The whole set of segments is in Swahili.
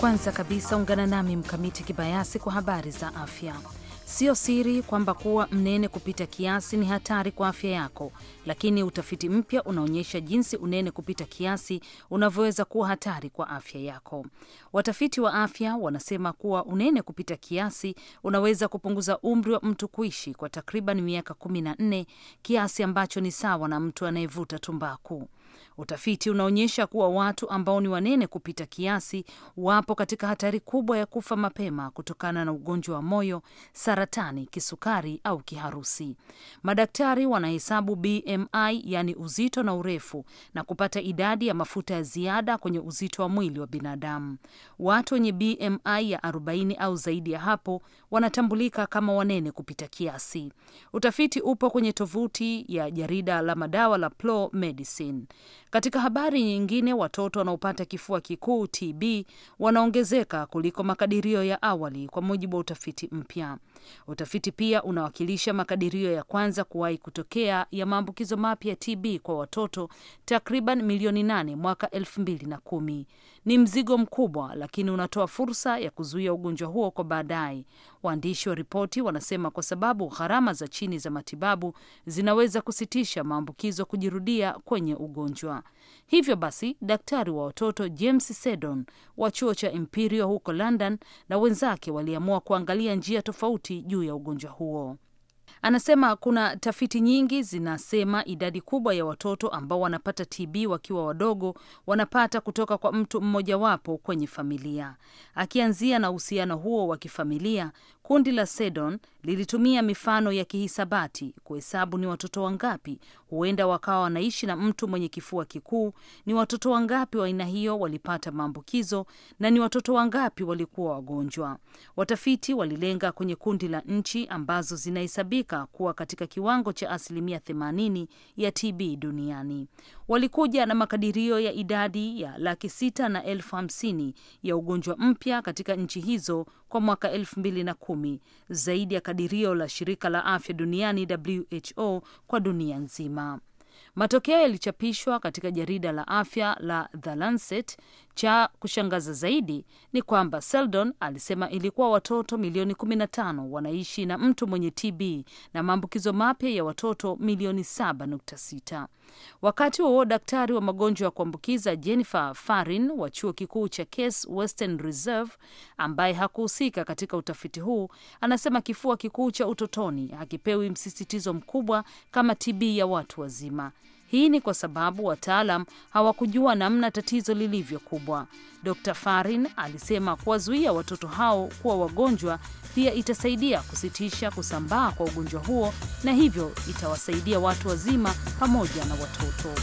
Kwanza kabisa ungana nami Mkamiti Kibayasi kwa habari za afya. Sio siri kwamba kuwa mnene kupita kiasi ni hatari kwa afya yako, lakini utafiti mpya unaonyesha jinsi unene kupita kiasi unavyoweza kuwa hatari kwa afya yako. Watafiti wa afya wanasema kuwa unene kupita kiasi unaweza kupunguza umri wa mtu kuishi kwa takriban miaka kumi na nne, kiasi ambacho ni sawa na mtu anayevuta tumbaku. Utafiti unaonyesha kuwa watu ambao ni wanene kupita kiasi wapo katika hatari kubwa ya kufa mapema kutokana na ugonjwa wa moyo, saratani, kisukari au kiharusi. Madaktari wanahesabu BMI, yani uzito na urefu, na kupata idadi ya mafuta ya ziada kwenye uzito wa mwili wa binadamu. Watu wenye BMI ya 40 au zaidi ya hapo wanatambulika kama wanene kupita kiasi. Utafiti upo kwenye tovuti ya jarida la madawa la Plow Medicine. Katika habari nyingine, watoto wanaopata kifua kikuu TB wanaongezeka kuliko makadirio ya awali, kwa mujibu wa utafiti mpya. Utafiti pia unawakilisha makadirio ya kwanza kuwahi kutokea ya maambukizo mapya TB kwa watoto takriban milioni nane mwaka elfu mbili na kumi. Ni mzigo mkubwa, lakini unatoa fursa ya kuzuia ugonjwa huo kwa baadaye, waandishi wa ripoti wanasema, kwa sababu gharama za chini za matibabu zinaweza kusitisha maambukizo kujirudia kwenye ugonjwa. Hivyo basi, daktari wa watoto James sedon wa chuo cha Imperial huko London na wenzake waliamua kuangalia njia tofauti juu ya ugonjwa huo. Anasema kuna tafiti nyingi zinasema idadi kubwa ya watoto ambao wanapata TB wakiwa wadogo wanapata kutoka kwa mtu mmojawapo kwenye familia. Akianzia na uhusiano huo wa kifamilia, Kundi la Sedon lilitumia mifano ya kihisabati kuhesabu ni watoto wangapi huenda wakawa wanaishi na mtu mwenye kifua kikuu, ni watoto wangapi wa aina hiyo walipata maambukizo na ni watoto wangapi walikuwa wagonjwa. Watafiti walilenga kwenye kundi la nchi ambazo zinahesabika kuwa katika kiwango cha asilimia 80 ya TB duniani walikuja na makadirio ya idadi ya laki sita na elfu hamsini ya ugonjwa mpya katika nchi hizo kwa mwaka elfu mbili na kumi, zaidi ya kadirio la shirika la afya duniani WHO kwa dunia nzima. Matokeo yalichapishwa katika jarida la afya la The Lancet cha kushangaza zaidi ni kwamba Seldon alisema ilikuwa watoto milioni 15 wanaishi na mtu mwenye TB na maambukizo mapya ya watoto milioni 7.6. Wakati huo daktari wa magonjwa ya kuambukiza Jennifer Farin wa chuo kikuu cha Case Western Reserve, ambaye hakuhusika katika utafiti huu, anasema kifua kikuu cha utotoni hakipewi msisitizo mkubwa kama TB ya watu wazima. Hii ni kwa sababu wataalam hawakujua namna tatizo lilivyo kubwa. Dr Farin alisema kuwazuia watoto hao kuwa wagonjwa pia itasaidia kusitisha kusambaa kwa ugonjwa huo na hivyo itawasaidia watu wazima pamoja na watoto.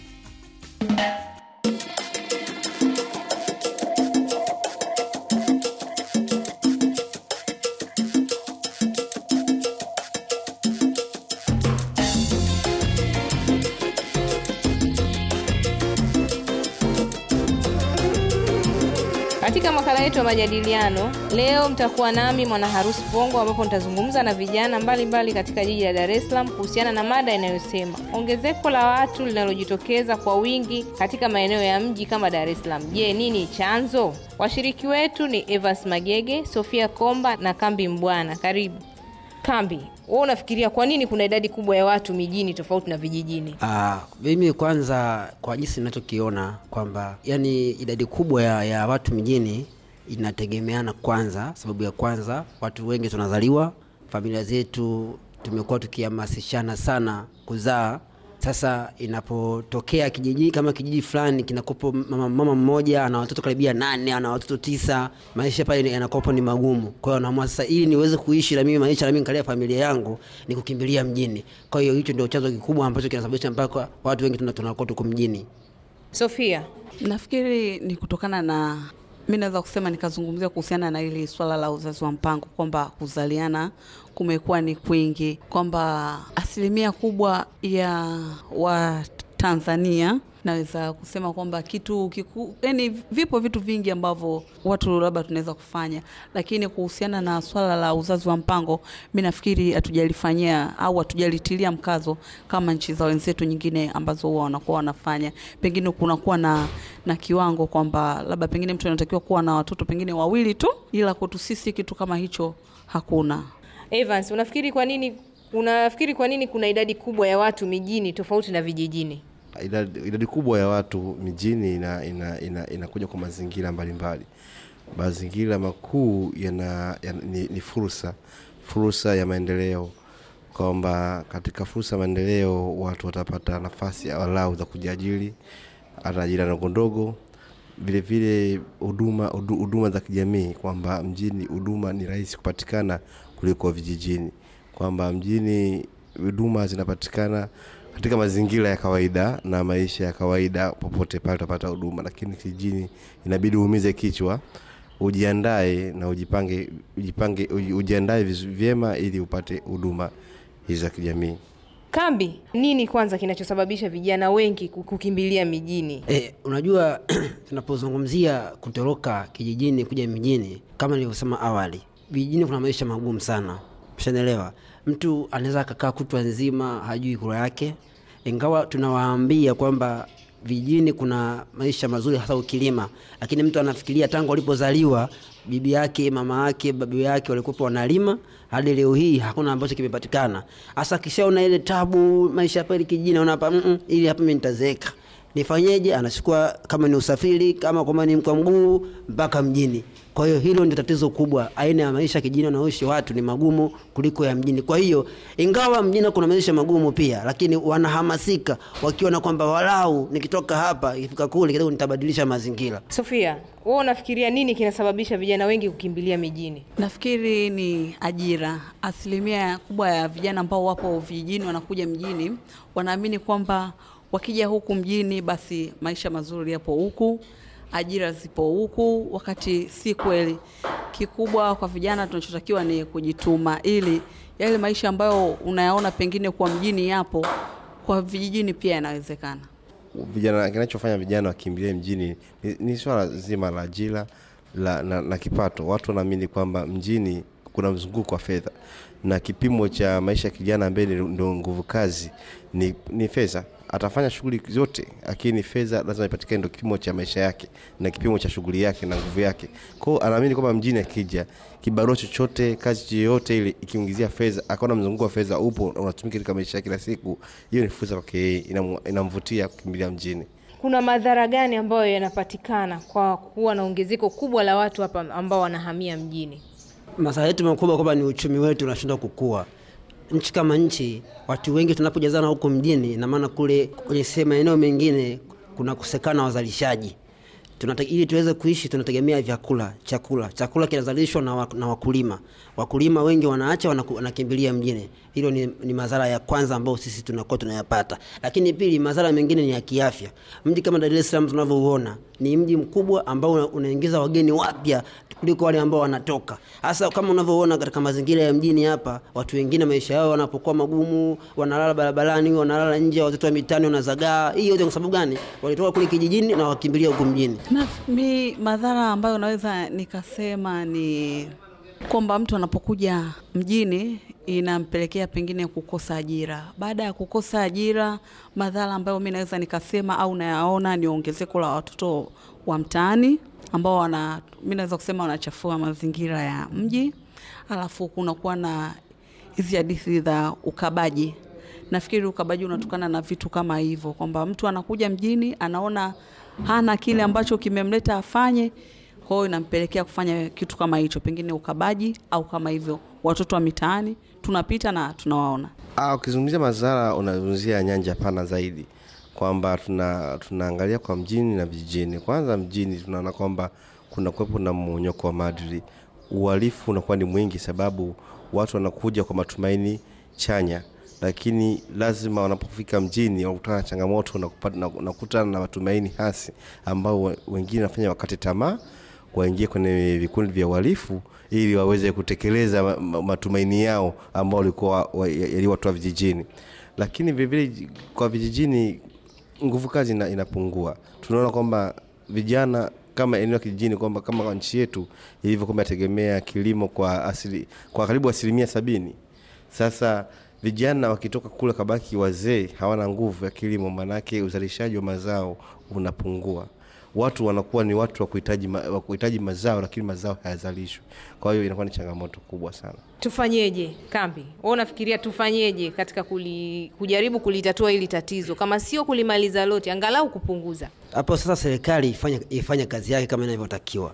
majadiliano. Leo mtakuwa nami Mwana Harusi Pongo, ambapo nitazungumza na vijana mbalimbali katika jiji la Dar es Salaam kuhusiana na mada inayosema ongezeko la watu linalojitokeza kwa wingi katika maeneo ya mji kama Dar es Salaam. Je, nini chanzo? Washiriki wetu ni Evas Magege, Sofia Komba na Kambi Mbwana. Karibu Kambi. Wewe unafikiria kwa nini kuna idadi kubwa ya watu mijini tofauti na vijijini? Ah, mimi kwanza kwa jinsi ninachokiona kwamba yani idadi kubwa ya, ya watu mijini inategemeana kwanza. Sababu ya kwanza, watu wengi tunazaliwa, familia zetu tumekuwa tukihamasishana sana kuzaa. Sasa inapotokea kijiji kama kijiji fulani kinakopo mama, mama mmoja ana watoto karibia nane, ana watoto tisa, maisha pale yanakopo ni magumu. Kwa hiyo anaamua sasa, ili niweze kuishi na mimi maisha na mimi kalea familia yangu, ni kukimbilia mjini. Kwa hiyo hicho ndio chanzo kikubwa ambacho kinasababisha mpaka watu wengi tunakuwa tuko mjini. Sofia, nafikiri ni kutokana na mi naweza kusema nikazungumzia kuhusiana na ili swala la uzazi wa mpango kwamba kuzaliana kumekuwa ni kwingi, kwamba asilimia kubwa ya Watanzania naweza kusema kwamba kitu kiku, yani vipo vitu vingi ambavyo watu labda tunaweza kufanya, lakini kuhusiana na swala la uzazi wa mpango, mi nafikiri hatujalifanyia au hatujalitilia mkazo kama nchi za wenzetu nyingine ambazo huwa wanakuwa wanafanya. Pengine kunakuwa na, na kiwango kwamba labda pengine mtu anatakiwa kuwa na watoto pengine wawili tu, ila kwetu sisi kitu kama hicho hakuna. Evans, unafikiri kwa nini unafikiri kwa nini kuna idadi kubwa ya watu mijini tofauti na vijijini? Idadi, idadi kubwa ya watu mijini inakuja ina, ina, ina kwa mazingira mbalimbali. Mazingira makuu yana, yana, ni, ni fursa fursa ya maendeleo, kwamba katika fursa ya maendeleo watu watapata nafasi walau za kujiajiri, hata ajira ndogo ndogo, vilevile huduma huduma za kijamii, kwamba mjini huduma ni rahisi kupatikana kuliko vijijini, kwamba mjini huduma zinapatikana katika mazingira ya kawaida na maisha ya kawaida, popote pale utapata huduma, lakini kijijini inabidi uumize kichwa, ujiandae na ujipange, ujipange, ujiandae vyema ili upate huduma hizi za kijamii. Kambi, nini kwanza kinachosababisha vijana wengi kukimbilia mijini? Eh, unajua tunapozungumzia kutoroka kijijini kuja mijini, kama nilivyosema awali, vijijini kuna maisha magumu sana, mshanielewa. Mtu anaweza akakaa kutwa nzima hajui kura yake, ingawa tunawaambia kwamba vijijini kuna maisha mazuri, hasa ukilima, lakini mtu anafikiria tangu alipozaliwa bibi yake, mama yake, babu yake walikuwa wanalima hadi leo hii hakuna ambacho kimepatikana. Hasa kishaona ile tabu maisha pali kijijini, anaona hapa mm, ili hapa mimi nitazeeka, nifanyeje? Anachukua kama ni usafiri, kama kwamba ni kwa mguu mpaka mjini. Kwa hiyo hilo ndio tatizo kubwa. Aina ya maisha kijini wanaoishi watu ni magumu kuliko ya mjini. Kwa hiyo ingawa mjini kuna maisha magumu pia, lakini wanahamasika wakiona kwamba walau nikitoka hapa ifika kule kidogo nitabadilisha mazingira. Sofia, wewe unafikiria nini kinasababisha vijana wengi kukimbilia mijini? Nafikiri ni ajira. Asilimia kubwa ya vijana ambao wapo vijijini wanakuja mjini, wanaamini kwamba wakija huku mjini basi maisha mazuri yapo huku ajira zipo huku, wakati si kweli. Kikubwa kwa vijana tunachotakiwa ni kujituma, ili yale maisha ambayo unayaona pengine kwa mjini yapo, kwa vijijini pia yanawezekana. Vijana, kinachofanya vijana wakimbilie mjini ni, ni swala zima la ajira la, na, na kipato. Watu wanaamini kwamba mjini kuna mzunguko wa fedha na kipimo cha maisha ya kijana ambaye ndio nguvu kazi ni, ni fedha atafanya shughuli zote, lakini fedha lazima ipatikane, ndio kipimo cha maisha yake na kipimo cha shughuli yake na nguvu yake. Kwa hiyo anaamini kwamba mjini akija kibarua chochote, kazi yoyote ile, ikiingizia fedha, akaona mzunguko wa fedha upo unatumika katika maisha yake kila siku, hiyo ni fursa kwake yeye, inamvutia kukimbilia mjini. Kuna madhara gani ambayo yanapatikana kwa kuwa na ongezeko kubwa la watu hapa ambao wanahamia mjini? masaa yetu makubwa kwamba ni uchumi wetu unashindwa kukua nchi kama nchi, watu wengi tunapojazana huko mjini, na maana kule kwenye sehemu maeneo mengine kunakosekana wazalishaji tunata, ili tuweze kuishi tunategemea vyakula, chakula. Chakula kinazalishwa na, na wakulima. Wakulima wengi wanaacha, wanakimbilia mjini. Hilo ni, ni madhara ya kwanza ambayo sisi tunakuwa tunayapata, lakini pili, madhara mengine ni ya kiafya. Mji kama Dar es Salaam tunavyoona ni mji mkubwa ambao unaingiza wageni wapya kuliko wale ambao wanatoka, hasa kama unavyoona katika mazingira ya mjini hapa. Watu wengine maisha yao wanapokuwa magumu, wanalala barabarani, wanalala nje, watoto wa mitaani wanazagaa. Hii yote kwa sababu gani? Walitoka kule kijijini na wakimbilia huku mjini. Mi madhara ambayo naweza nikasema ni kwamba mtu anapokuja mjini inampelekea pengine kukosa ajira. Baada ya kukosa ajira, madhara ambayo mi naweza nikasema au nayaona ni ongezeko la watoto wa mtaani ambao wana, mi naweza kusema wanachafua mazingira ya mji, alafu kunakuwa na hizi hadithi za ukabaji. Nafikiri ukabaji unatokana na vitu kama hivyo, kwamba mtu anakuja mjini anaona hana kile ambacho kimemleta afanye, kwa hiyo inampelekea kufanya kitu kama hicho, pengine ukabaji au kama hivyo watoto wa mitaani tunapita na tunawaona. Ah, ukizungumzia mazara unazungumzia nyanja pana zaidi kwamba tuna tunaangalia kwa mjini na vijijini. Kwanza mjini tunaona kwamba kuna kuwepo na mmonyoko wa madri uhalifu unakuwa ni mwingi, sababu watu wanakuja kwa matumaini chanya, lakini lazima wanapofika mjini wakutana na changamoto, nakutana na matumaini hasi ambao wengine wanafanya wakati tamaa waingie kwenye vikundi vya uhalifu ili waweze kutekeleza matumaini yao ambao walikuwa yaliwatoa vijijini. Lakini vilevile kwa vijijini nguvu kazi ina, inapungua. Tunaona kwamba vijana kama eneo la kijijini kwamba kama kwa nchi yetu ilivyo kwamba kilimo kwa asili, kwa karibu asilimia sabini. Sasa vijana wakitoka kule kabaki wazee hawana nguvu ya kilimo, maanake uzalishaji wa mazao unapungua watu wanakuwa ni watu wa kuhitaji ma, mazao, lakini mazao hayazalishwi. Kwa hiyo inakuwa ni changamoto kubwa sana. Tufanyeje kambi? Wewe unafikiria tufanyeje katika kuli, kujaribu kulitatua hili tatizo, kama sio kulimaliza lote, angalau kupunguza? Hapo sasa serikali ifanya ifanye kazi yake kama inavyotakiwa.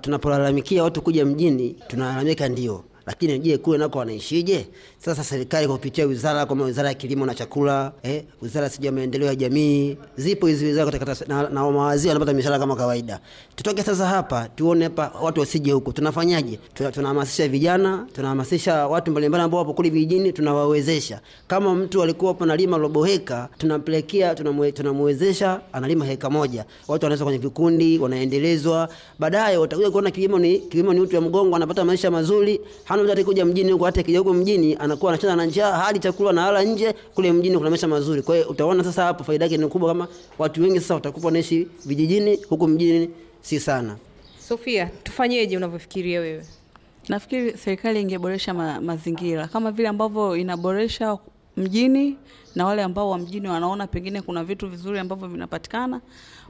Tunapolalamikia tuna watu kuja mjini, tunalalamika ndio lakini je, kule nako wanaishije? Sasa serikali kupitia wizara kama wizara ya kilimo na chakula eh, wizara sijui ya maendeleo ya jamii, zipo hizi wizara katika na, na mawaziri wanapata mishahara kama kawaida. Tutoke sasa hapa tuone hapa watu wasije huko, tunafanyaje? Tunahamasisha tuna vijana, tunahamasisha watu mbalimbali ambao wapo kule vijijini, tunawawezesha. Kama mtu alikuwa hapo analima robo heka, tunampelekea tunamwezesha, tuna analima heka moja, watu wanaweza kwenye vikundi, wanaendelezwa. Baadaye watakuja kuona kilimo ni kilimo ni uti wa mgongo, anapata maisha mazuri. Hana muda atakuja mjini huko, hata akija huko mjini anakuwa anacheza na njaa hadi chakula na hala nje. Kule mjini kuna maisha mazuri. Kwa hiyo utaona sasa hapo faida yake ni kubwa, kama watu wengi sasa watakupa naishi vijijini, huku mjini si sana. Sofia, tufanyeje unavyofikiria wewe? Nafikiri serikali ingeboresha ma, mazingira kama vile ambavyo inaboresha mjini na wale ambao wa mjini wanaona pengine kuna vitu vizuri ambavyo vinapatikana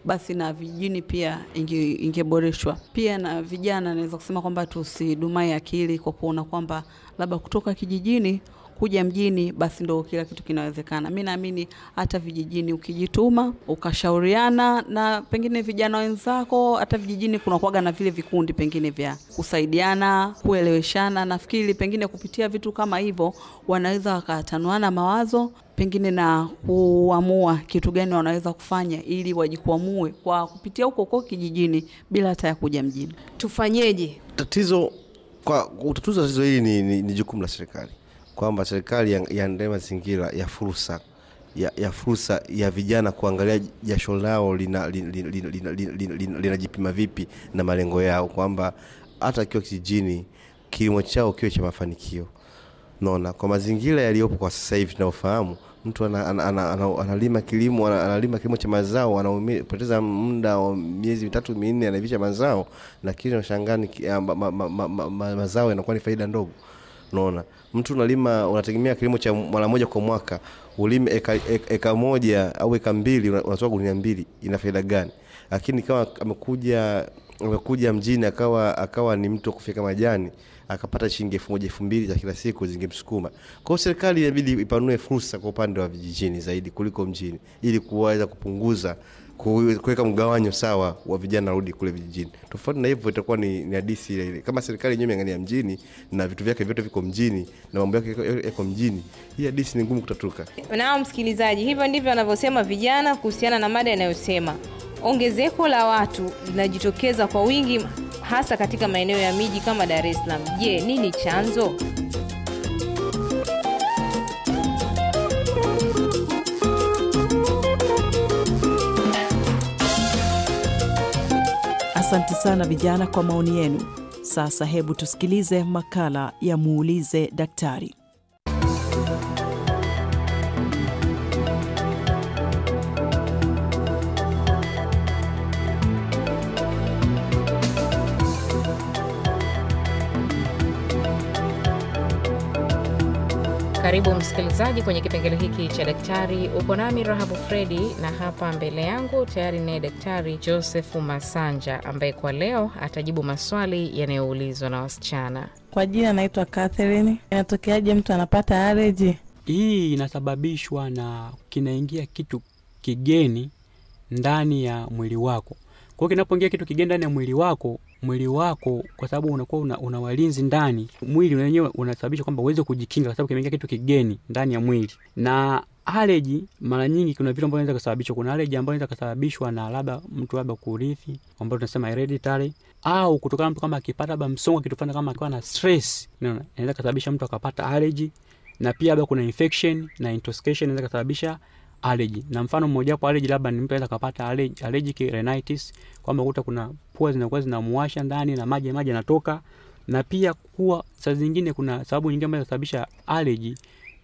basi na vijijini pia ingeboreshwa. Inge pia na vijana, naweza kusema kwamba tusidumai akili kwa kuona kwamba labda kutoka kijijini kuja mjini basi ndo kila kitu kinawezekana. Mi naamini hata vijijini ukijituma, ukashauriana na pengine vijana wenzako, hata vijijini kunakuwaga na vile vikundi pengine vya kusaidiana, kueleweshana. Nafikiri pengine kupitia vitu kama hivyo wanaweza wakatanuana mawazo pengine na kuamua kitu gani wanaweza kufanya ili wajikwamue kwa kupitia huko huko kijijini bila hata ya kuja mjini. Tufanyeje? Tatizo kwa utatuzi tatizo hili ni, ni, ni jukumu la serikali kwamba serikali iandae mazingira ya fursa ya, ya fursa ya vijana kuangalia jasho lao linajipima vipi na malengo yao, kwamba hata akiwa kijijini kilimo chao kiwe cha mafanikio naona kwa mazingira yaliyopo kwa sasa hivi tunaofahamu mtu analima ana, ana, ana, ana kilimo analima ana kilimo cha mazao anapoteza muda wa miezi mitatu minne anaivisha mazao, lakini unashangaa ah, ma, ma, ma, ma, ma, mazao yanakuwa ni faida ndogo. Unaona, mtu unalima unategemea kilimo cha mara moja kwa mwaka, ulime eka, eka, eka moja au eka mbili, unatoa gunia mbili, ina faida gani? Lakini kama amekuja amekuja mjini akawa akawa ni mtu wa kufika majani akapata shilingi elfu moja elfu mbili za kila siku zingemsukuma. Kwa hiyo serikali inabidi ipanue fursa kwa upande wa vijijini zaidi kuliko mjini, ili kuweza kupunguza kuweka mgawanyo sawa wa vijana rudi kule vijijini. Tofauti na hivyo itakuwa ni, ni hadisi ile ile. Kama serikali yenyewe imeangalia mjini na vitu vyake vyote viko mjini na mambo yake yako mjini, hii hadisi ni ngumu kutatuka. Na msikilizaji, hivyo ndivyo wanavyosema vijana kuhusiana na mada inayosema Ongezeko la watu linajitokeza kwa wingi hasa katika maeneo ya miji kama Dar es Salaam. Je, nini chanzo? Asante sana vijana kwa maoni yenu. Sasa hebu tusikilize makala ya muulize daktari. Karibu msikilizaji kwenye kipengele hiki cha daktari. Uko nami Rahabu Fredi, na hapa mbele yangu tayari naye Daktari Josefu Masanja ambaye kwa leo atajibu maswali yanayoulizwa na wasichana. Kwa jina anaitwa katherin Inatokeaje mtu anapata areji? Hii inasababishwa na kinaingia kitu kigeni ndani ya mwili wako. kwao kinapoingia kitu kigeni ndani ya mwili wako, mwili wako, kwa sababu unakuwa una, una walinzi ndani mwili wenyewe, unasababisha kwamba uweze kujikinga, kwa sababu kimeingia kitu kigeni ndani ya mwili na aleji mara nyingi kuna vitu ambavyo vinaweza kusababishwa. Kuna aleji ambayo inaweza kusababishwa na labda mtu labda kurithi, ambayo tunasema hereditary, au kutokana mtu kama akipata labda msongo kitu fulani, kama akiwa na stress, unaona, inaweza kusababisha mtu akapata aleji, na pia labda kuna infection na intoxication inaweza kusababisha allergy. Na mfano mmoja kwa allergy labda ni mtu anaweza kupata allergy, allergic rhinitis kwamba ukuta kuna pua zinakuwa zinamwasha ndani na maji maji yanatoka. Na pia kuwa saa zingine kuna sababu nyingine ambazo zinasababisha allergy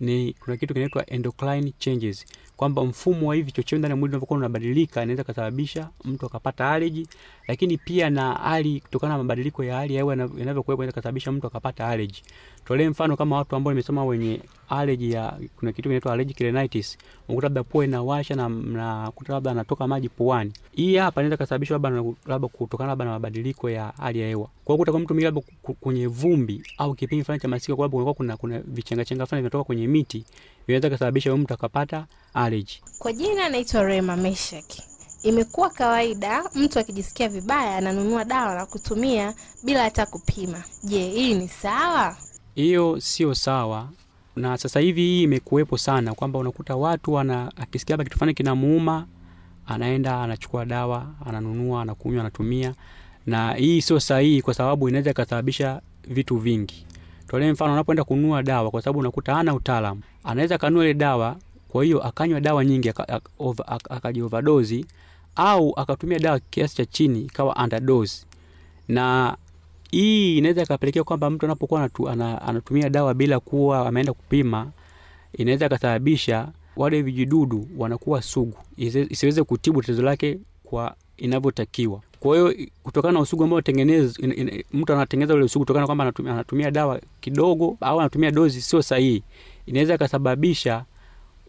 ni kuna kitu kinaitwa endocrine changes, kwamba mfumo wa hivi chochote ndani ya mwili unapokuwa unabadilika inaweza kusababisha mtu akapata allergy. Lakini pia na hali, kutokana na mabadiliko ya hali ya hewa yanavyokuwepo, inaweza kusababisha mtu akapata allergy tolee mfano kama watu ambao nimesema wenye allergy ya kuna kitu kinaitwa allergic rhinitis. Unakuta labda pua inawasha na unakuta labda anatoka maji puani. Hii hapa inaweza kusababishwa labda labda kutokana labda na mabadiliko ya hali ya hewa. Kwa kuta kwa mtu mwingine labda kwenye vumbi au kipindi fulani cha masika kwa sababu kuna kuna vichanga chenga fulani vinatoka kwenye miti vinaweza kusababisha huyo mtu akapata allergy. Kwa jina anaitwa Rema Meshek Imekuwa kawaida mtu akijisikia vibaya ananunua dawa na kutumia bila hata kupima. Je, hii ni sawa? Hiyo sio sawa, na sasa hivi hii imekuwepo sana, kwamba unakuta watu wana akisikia kitu fulani kinamuuma, anaenda anachukua dawa, ananunua, anakunywa, anatumia, na hii sio sahihi, kwa sababu inaweza ikasababisha vitu vingi. tole mfano, unapoenda kununua dawa, kwa sababu unakuta hana utaalamu, anaweza kanunua ile dawa, kwa hiyo akanywa dawa nyingi akajiovadozi, au akatumia dawa kiasi cha chini ikawa underdose na hii inaweza ikapelekea kwamba mtu anapokuwa anatumia dawa bila kuwa ameenda kupima, inaweza ikasababisha wale vijidudu wanakuwa sugu, isiweze kutibu tatizo lake kwa inavyotakiwa. Kwa hiyo kutokana na usugu ambao tengeneza mtu anatengeneza ule usugu kutokana kwamba anatumia, anatumia dawa kidogo au anatumia dozi sio sahihi, inaweza ikasababisha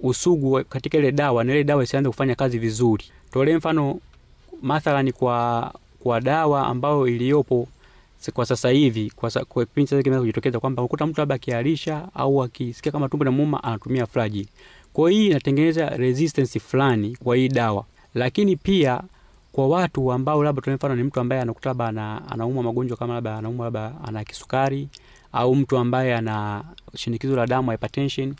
usugu katika ile dawa na ile dawa isianze kufanya kazi vizuri. Tolee mfano mathalani kwa, kwa dawa ambayo iliyopo kwa sasa hivi kwa sa, kwa kipindi sasa kinaweza kujitokeza kwamba ukuta mtu labda akiharisha au akisikia kama tumbo na linamuuma anatumia flaji. Kwa hiyo inatengeneza resistance fulani kwa hii dawa. Lakini pia kwa watu ambao labda tuna mfano ni mtu ambaye anakuta labda ana, anaumwa magonjwa kama labda anaumwa labda ana kisukari au mtu ambaye ana shinikizo la damu hypertension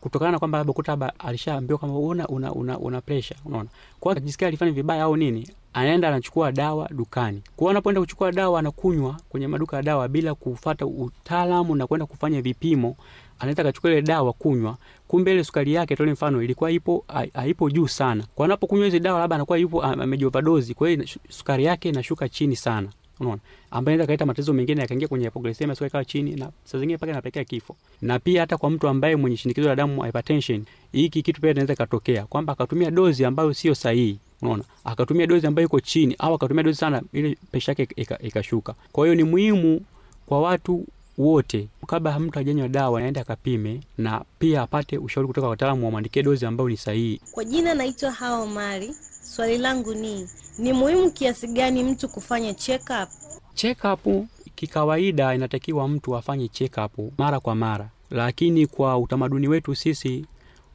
kutokana na kwamba labda kuta labda alishaambiwa kama una una, una, una pressure unaona. Kwa hiyo akijisikia alifanya vibaya au nini anaenda anachukua dawa dukani. Kwa hiyo anapoenda kuchukua dawa anakunywa kwenye maduka ya dawa bila kufata utaalamu na kwenda kufanya vipimo, anaweza akachukua ile dawa kunywa, kumbe ile sukari yake tole mfano ilikuwa ipo haipo juu sana. Kwa anapokunywa hizo dawa labda anakuwa yupo amejioverdozi, kwa hiyo sukari yake inashuka chini sana. Unaona? Ambaye anaweza kaleta matatizo mengine yakaingia kwenye hypoglycemia, sukari ikawa chini na saa zingine mpaka inapelekea kifo. Na pia hata kwa mtu ambaye mwenye shinikizo la damu hypertension, hiki kitu pia inaweza katokea kwamba akatumia dozi ambayo sio sahihi unaona, akatumia dozi ambayo iko chini au akatumia dozi sana, ile pesha yake ikashuka. Kwa hiyo ni muhimu kwa watu wote kabla mtu ajanywa dawa naenda akapime, na pia apate ushauri kutoka wataalamu wamwandikie dozi ambayo ni sahihi. Kwa jina naitwa Hawa Mali. Swali langu ni ni muhimu kiasi gani mtu kufanya check up? Check up kikawaida, inatakiwa mtu afanye check mara kwa mara, lakini kwa utamaduni wetu sisi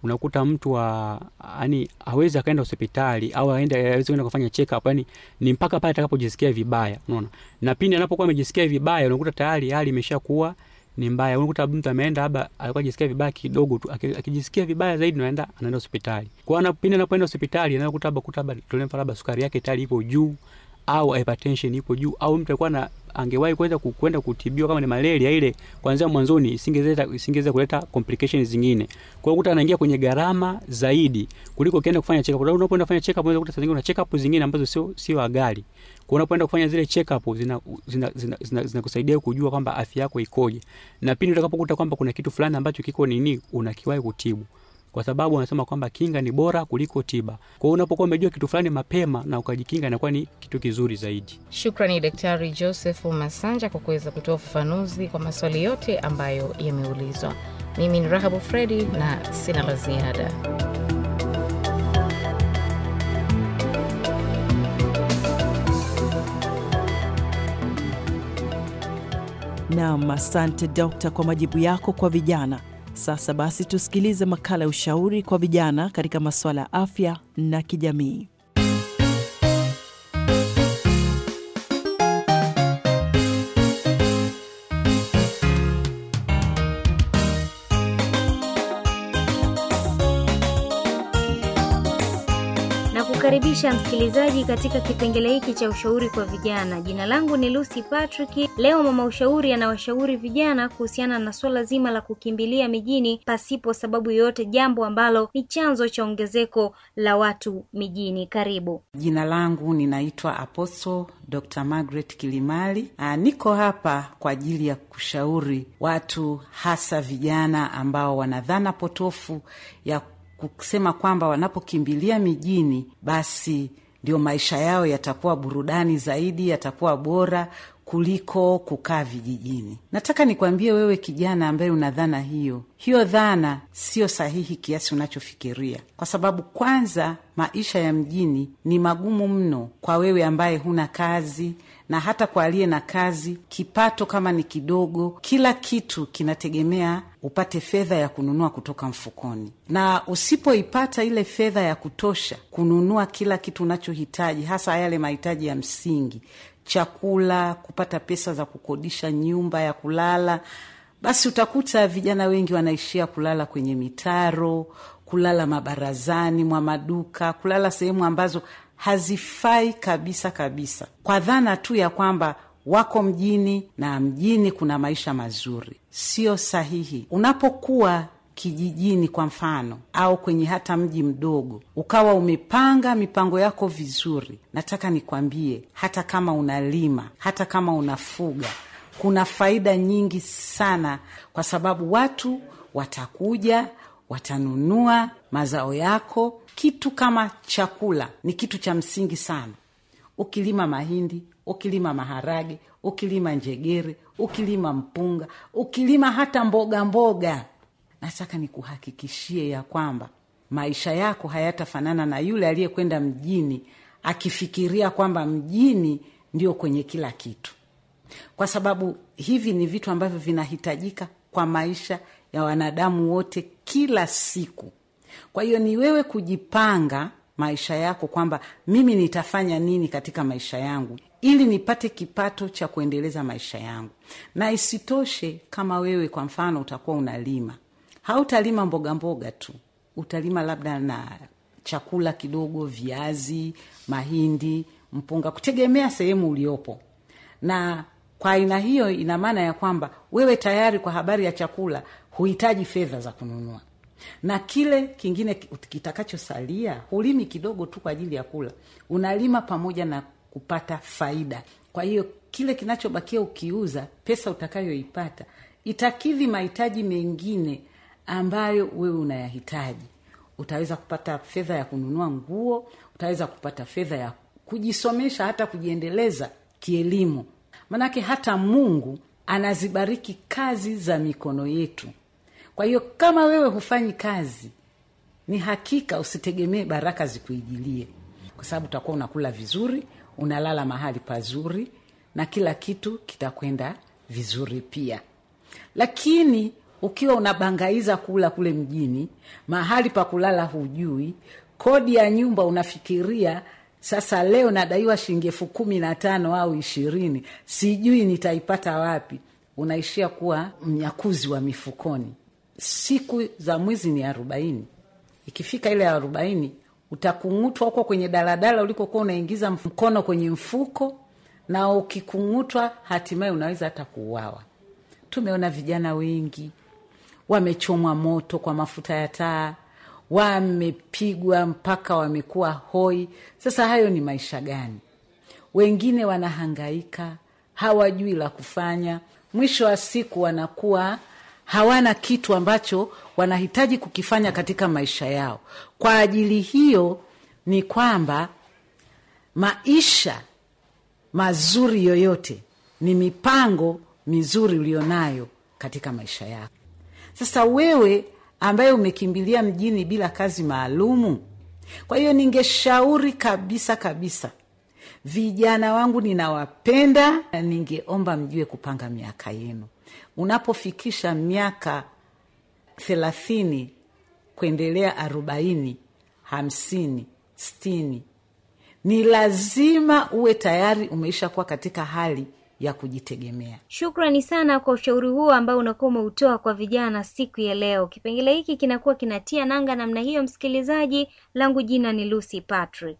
unakuta mtu wa yani hawezi akaenda hospitali au aende hawezi kwenda kufanya check up, yani ni mpaka pale atakapojisikia vibaya, unaona. Na pindi anapokuwa amejisikia vibaya, unakuta tayari hali imeshakuwa ni mbaya. Unakuta mtu ameenda labda alikuwa ajisikia vibaya kidogo tu, akijisikia vibaya zaidi naenda anaenda hospitali. Kwa hiyo pindi anapoenda hospitali, anakuta labda kuta labda tulempa labda sukari yake tayari ipo juu, au hypertension ipo juu au mtu alikuwa na angewahi kuweza kwenda kutibiwa kama ni malaria ile kuanzia mwanzoni isingeweza isingeweza kuleta complications zingine. Kwa hiyo anaingia kwenye gharama zaidi kuliko ukienda kufanya check up. Kwa unapoenda kufanya check up unaweza kukuta zingine una check up zingine ambazo sio sio ghali. Kwa unapoenda kufanya zile check up zina zinakusaidia zina, zina, zina kujua kwamba afya yako ikoje. Na pindi utakapokuta kwamba kuna kitu fulani ambacho kiko nini unakiwahi kutibu kwa sababu wanasema kwamba kinga ni bora kuliko tiba. Kwa hiyo unapokuwa umejua kitu fulani mapema na ukajikinga, inakuwa ni kitu kizuri zaidi. Shukrani Daktari Joseph Masanja kwa kuweza kutoa ufafanuzi kwa maswali yote ambayo yameulizwa. Mimi ni Rahabu Fredi na sina la ziada. Nam, asante dokta, kwa majibu yako kwa vijana. Sasa basi tusikilize makala ya ushauri kwa vijana katika masuala ya afya na kijamii. kukaribisha msikilizaji katika kipengele hiki cha ushauri kwa vijana. Jina langu ni Lucy Patrick. Leo mama ushauri anawashauri vijana kuhusiana na swala zima la kukimbilia mijini pasipo sababu yoyote, jambo ambalo ni chanzo cha ongezeko la watu mijini. Karibu. Jina langu ninaitwa Apostle Dr. Margaret Kilimali. Aa, ah, niko hapa kwa ajili ya kushauri watu, hasa vijana ambao wanadhana potofu ya kusema kwamba wanapokimbilia mijini basi ndio maisha yao yatakuwa burudani zaidi, yatakuwa bora kuliko kukaa vijijini. Nataka nikwambie wewe kijana ambaye una dhana hiyo, hiyo dhana siyo sahihi kiasi unachofikiria, kwa sababu kwanza, maisha ya mjini ni magumu mno kwa wewe ambaye huna kazi, na hata kwa aliye na kazi, kipato kama ni kidogo, kila kitu kinategemea upate fedha ya kununua kutoka mfukoni, na usipoipata ile fedha ya kutosha kununua kila kitu unachohitaji, hasa yale mahitaji ya msingi, chakula, kupata pesa za kukodisha nyumba ya kulala, basi utakuta vijana wengi wanaishia kulala kwenye mitaro, kulala mabarazani mwa maduka, kulala sehemu ambazo hazifai kabisa kabisa, kwa dhana tu ya kwamba wako mjini na mjini kuna maisha mazuri. Sio sahihi. Unapokuwa kijijini kwa mfano, au kwenye hata mji mdogo, ukawa umepanga mipango yako vizuri, nataka nikwambie, hata kama unalima, hata kama unafuga, kuna faida nyingi sana, kwa sababu watu watakuja, watanunua mazao yako kitu kama chakula ni kitu cha msingi sana. Ukilima mahindi, ukilima maharage, ukilima njegere, ukilima mpunga, ukilima hata mboga mboga, nataka nikuhakikishie ya kwamba maisha yako hayatafanana na yule aliyekwenda mjini akifikiria kwamba mjini ndio kwenye kila kitu, kwa sababu hivi ni vitu ambavyo vinahitajika kwa maisha ya wanadamu wote kila siku. Kwa hiyo ni wewe kujipanga maisha yako kwamba mimi nitafanya nini katika maisha yangu ili nipate kipato cha kuendeleza maisha yangu. Na isitoshe, kama wewe kwa mfano utakuwa unalima, hautalima mboga mboga tu, utalima labda na chakula kidogo, viazi, mahindi, mpunga, kutegemea sehemu uliopo. Na kwa aina hiyo, ina maana ya kwamba wewe tayari kwa habari ya chakula huhitaji fedha za kununua na kile kingine kitakachosalia hulimi kidogo tu kwa ajili ya kula, unalima pamoja na kupata faida. Kwa hiyo kile kinachobakia ukiuza, pesa utakayoipata itakidhi mahitaji mengine ambayo wewe unayahitaji. Utaweza kupata fedha ya kununua nguo, utaweza kupata fedha ya kujisomesha, hata kujiendeleza kielimu, manake hata Mungu anazibariki kazi za mikono yetu. Kwa hiyo kama wewe hufanyi kazi, ni hakika usitegemee baraka zikuijilie, kwa sababu utakuwa unakula vizuri, unalala mahali pazuri, na kila kitu kitakwenda vizuri pia. Lakini ukiwa unabangaiza kula kule mjini, mahali pa kulala hujui, kodi ya nyumba unafikiria sasa leo nadaiwa shilingi elfu kumi na tano au ishirini, sijui nitaipata wapi. Unaishia kuwa mnyakuzi wa mifukoni siku za mwezi ni arobaini. Ikifika ile arobaini utakung'utwa huko kwenye daladala ulikokuwa unaingiza mkono kwenye mfuko, na ukikung'utwa hatimaye unaweza hata kuuawa. Tumeona vijana wengi wamechomwa moto kwa mafuta ya taa, wamepigwa mpaka wamekuwa hoi. Sasa hayo ni maisha gani? Wengine wanahangaika, hawajui la kufanya, mwisho wa siku wanakuwa hawana kitu ambacho wanahitaji kukifanya katika maisha yao. Kwa ajili hiyo ni kwamba maisha mazuri yoyote ni mipango mizuri ulionayo katika maisha yako. Sasa wewe ambaye umekimbilia mjini bila kazi maalumu, kwa hiyo ningeshauri kabisa kabisa, vijana wangu ninawapenda, ningeomba mjue kupanga miaka yenu unapofikisha miaka thelathini kuendelea arobaini hamsini sitini ni lazima uwe tayari umeisha kuwa katika hali ya kujitegemea. Shukrani sana kwa ushauri huo ambao unakuwa umeutoa kwa vijana siku ya leo. Kipengele hiki kinakuwa kinatia nanga namna hiyo, msikilizaji. Langu jina ni Lucy Patrick.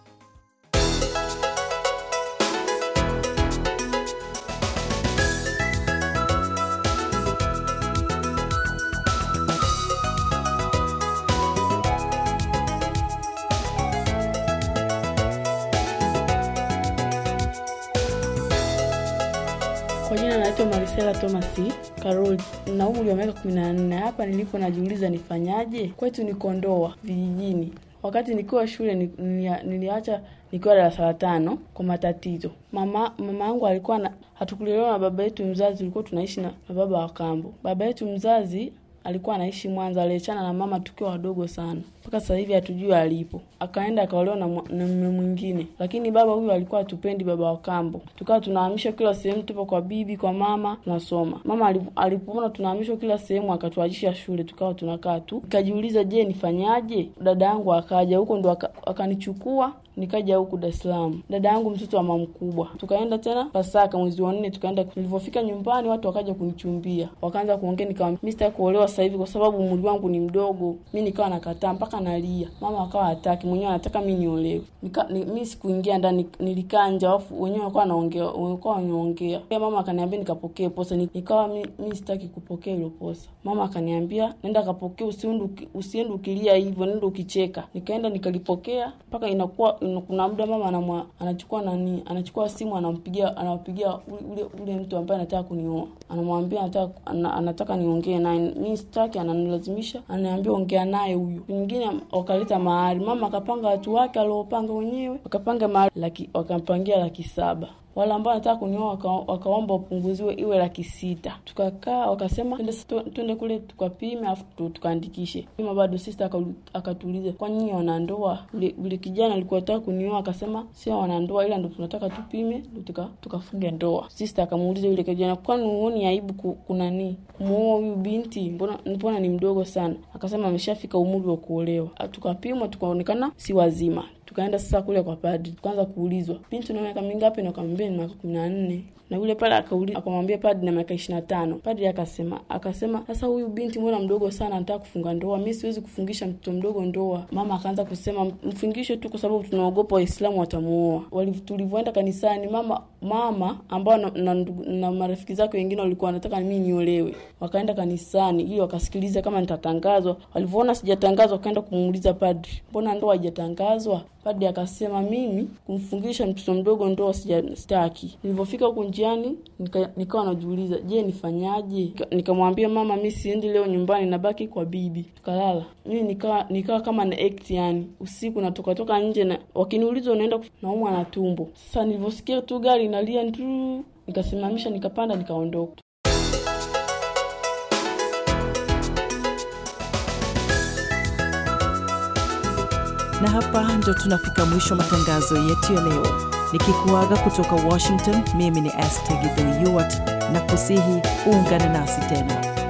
kama si na umri wa miaka 14. Hapa nilipo najiuliza nifanyaje? Kwetu ni Kondoa vijijini. Wakati nikiwa shule niliacha nikiwa darasa la tano kwa matatizo. Mama mamaangu alikuwa na, hatukulelewa na baba yetu mzazi, ulikuwa tunaishi na, na baba wa kambo. Baba yetu mzazi alikuwa anaishi Mwanza, aliachana na mama tukiwa wadogo sana mpaka sasa hivi hatujui alipo. Akaenda akaolewa na mume mwingine, lakini baba huyu alikuwa hatupendi, baba wa kambo. Tukawa tunahamishwa kila sehemu, tupo kwa bibi, kwa mama, tunasoma. Mama alipoona tunahamishwa kila sehemu, akatuachisha shule, tukawa tunakaa tu. Nikajiuliza, je, nifanyaje? Dada yangu akaja huko, ndo akanichukua nikaja huku Dar es Salaam, dada yangu mtoto wa mamkubwa. Tukaenda tena Pasaka mwezi wa nne, tukaenda. Nilipofika nyumbani, watu wakaja kunichumbia, wakaanza kuongea, nikawa mimi sitaki kuolewa sasa hivi kwa sababu umri wangu ni mdogo. Mimi nikawa nakataa mpaka mpaka nalia, mama akawa hataki, mwenyewe anataka mi niolewe. Ni, mi sikuingia ndani, nilikaa nje, alafu wenyewe walikuwa wanaongea, walikuwa wanaongea. Mama akaniambia nikapokee posa, nikawa mi, sitaki kupokea hilo posa. Mama akaniambia nenda kapokee, usiende ukilia hivyo, nenda ukicheka. Nikaenda nikalipokea, mpaka inakuwa kuna muda mama anamwa, anachukua nani, anachukua simu, anampigia anawapigia ule ule mtu ambaye anataka kunioa, anamwambia anataka anataka niongee naye. Mi sitaki, ananilazimisha, ananiambia ongea naye huyu. Nyingine wengine wakaleta mahari, mama akapanga watu wake aliopanga wenyewe, wakapanga mahari laki, wakampangia laki saba wala ambao wanataka kunioa waka, wakaomba upunguziwe iwe laki sita. Tukakaa wakasema twende kule tukapime afu tukaandikishe pima. Bado sista akatuuliza kwa nini wanandoa. Ule kijana alikuwa taka kunioa akasema sio wanandoa, ila ndo tunataka tupime tuka, tukafunge ndoa. Sista akamuuliza yule kijana, kwani huoni aibu ku, kunani kumuoa huyu binti? Mbona mbona ni mdogo sana? Akasema ameshafika umri wa kuolewa. Tukapimwa tukaonekana si wazima. Tukaenda sasa kule kwa padri, tukaanza kuulizwa, binti una miaka mingapi? Nakwambia ni miaka kumi na nne na yule pale akauliza, akamwambia padri na miaka ishirini na tano. Padri akasema akasema, sasa huyu binti mbona mdogo sana, anataka kufunga ndoa mimi, siwezi kufungisha mtoto mdogo ndoa. Mama akaanza kusema mfungishe tu, kwa sababu tunaogopa Waislamu watamuoa. Tulivyoenda kanisani, mama mama ambao na, na, na marafiki zake wengine walikuwa wanataka mimi niolewe, wakaenda kanisani ili wakasikiliza kama nitatangazwa. Walivyoona sijatangazwa, wakaenda kumuuliza padri, mbona ndoa haijatangazwa? Padri akasema mimi kumfungisha mtoto mdogo ndoa sija Nilivyofika huko njiani nikawa najuuliza najiuliza, je, nifanyaje? Nikamwambia nika mama, mi siendi leo nyumbani, nabaki kwa bibi. Tukalala mii nikawa nikawa kama na act, yani usiku natokatoka nje na wakiniuliza unaenda, naumwa na tumbo. Sasa nilivyosikia tu gari nalia ndu nikasimamisha, nikapanda, nikaondoka. na hapa ndo tunafika mwisho matangazo yetu ya leo nikikuaga kutoka Washington. Mimi ni Astegidhewat na kusihi uungane nasi tena.